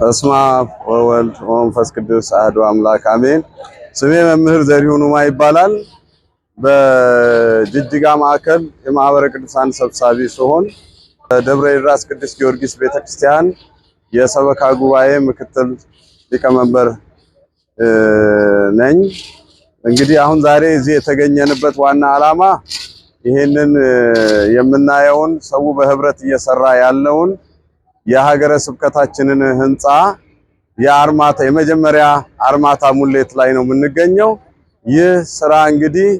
በስመ አብ ወወልድ ወመንፈስ ቅዱስ አሐዱ አምላክ አሜን። ስሜ መምህር ዘሪሁን ኡማ ይባላል። በጅጅጋ ማዕከል የማህበረ ቅዱሳን ሰብሳቢ ሲሆን በደብረ ኤድራስ ቅዱስ ጊዮርጊስ ቤተክርስቲያን የሰበካ ጉባኤ ምክትል ሊቀመንበር ነኝ። እንግዲህ አሁን ዛሬ እዚህ የተገኘንበት ዋና ዓላማ ይህንን የምናየውን ሰው በህብረት እየሰራ ያለውን የሀገረ ስብከታችንን ህንፃ የአርማታ የመጀመሪያ አርማታ ሙሌት ላይ ነው የምንገኘው። ይህ ስራ እንግዲህ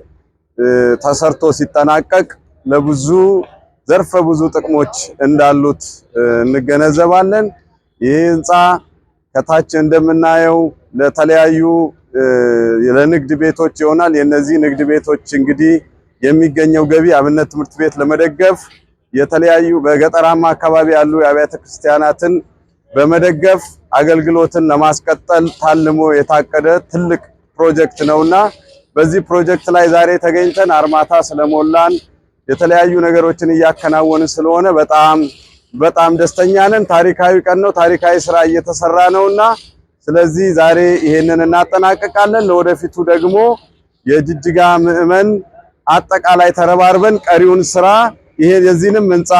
ተሰርቶ ሲጠናቀቅ ለብዙ ዘርፈ ብዙ ጥቅሞች እንዳሉት እንገነዘባለን። ይህ ህንፃ ከታች እንደምናየው ለተለያዩ ለንግድ ቤቶች ይሆናል። የነዚህ ንግድ ቤቶች እንግዲህ የሚገኘው ገቢ አብነት ትምህርት ቤት ለመደገፍ የተለያዩ በገጠራማ አካባቢ ያሉ የአብያተ ክርስቲያናትን በመደገፍ አገልግሎትን ለማስቀጠል ታልሞ የታቀደ ትልቅ ፕሮጀክት ነውና በዚህ ፕሮጀክት ላይ ዛሬ ተገኝተን አርማታ ስለሞላን የተለያዩ ነገሮችን እያከናወንን ስለሆነ በጣም በጣም ደስተኛ ነን። ታሪካዊ ቀን ነው። ታሪካዊ ስራ እየተሰራ ነውና ስለዚህ ዛሬ ይሄንን እናጠናቀቃለን። ለወደፊቱ ደግሞ የጅጅጋ ምዕመን አጠቃላይ ተረባርበን ቀሪውን ስራ ይሄ የዚህንም ህንፃ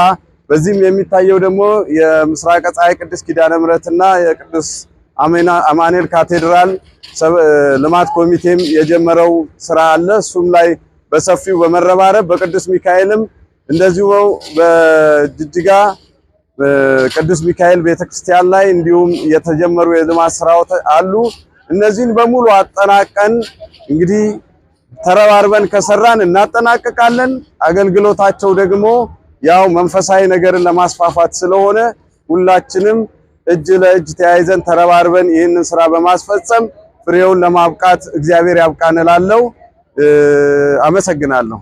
በዚህም የሚታየው ደግሞ የምስራቀ ፀሐይ ቅዱስ ኪዳነ ምሕረትና የቅዱስ አማኑኤል ካቴድራል ልማት ኮሚቴም የጀመረው ስራ አለ። እሱም ላይ በሰፊው በመረባረብ በቅዱስ ሚካኤልም እንደዚሁ በጅጅጋ ቅዱስ ሚካኤል ቤተክርስቲያን ላይ እንዲሁም የተጀመሩ የልማት ስራዎች አሉ። እነዚህን በሙሉ አጠናቀን እንግዲህ ተረባርበን ከሰራን እናጠናቀቃለን። አገልግሎታቸው ደግሞ ያው መንፈሳዊ ነገርን ለማስፋፋት ስለሆነ ሁላችንም እጅ ለእጅ ተያይዘን ተረባርበን ይህንን ስራ በማስፈጸም ፍሬውን ለማብቃት እግዚአብሔር ያብቃን እላለሁ። አመሰግናለሁ።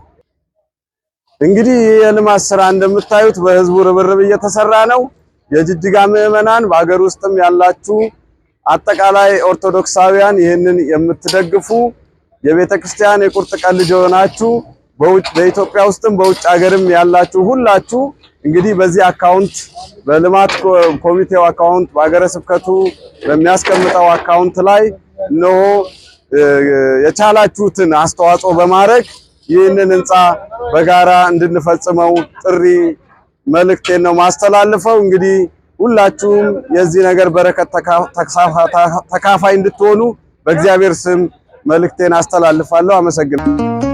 እንግዲህ የልማት ስራ እንደምታዩት በህዝቡ ርብርብ እየተሰራ ነው። የጅጅጋ ምዕመናን፣ በአገር ውስጥም ያላችሁ አጠቃላይ ኦርቶዶክሳውያን ይህንን የምትደግፉ የቤተ ክርስቲያን የቁርጥ ቀን ልጅ የሆናችሁ በውጭ በኢትዮጵያ ውስጥም በውጭ ሀገርም ያላችሁ ሁላችሁ እንግዲህ በዚህ አካውንት በልማት ኮሚቴው አካውንት በሀገረ ስብከቱ በሚያስቀምጠው አካውንት ላይ እነሆ የቻላችሁትን አስተዋጽኦ በማድረግ ይህንን ህንፃ በጋራ እንድንፈጽመው ጥሪ መልእክቴን ነው ማስተላልፈው። እንግዲህ ሁላችሁም የዚህ ነገር በረከት ተካፋይ እንድትሆኑ በእግዚአብሔር ስም መልእክቴን አስተላልፋለሁ። አመሰግናለሁ።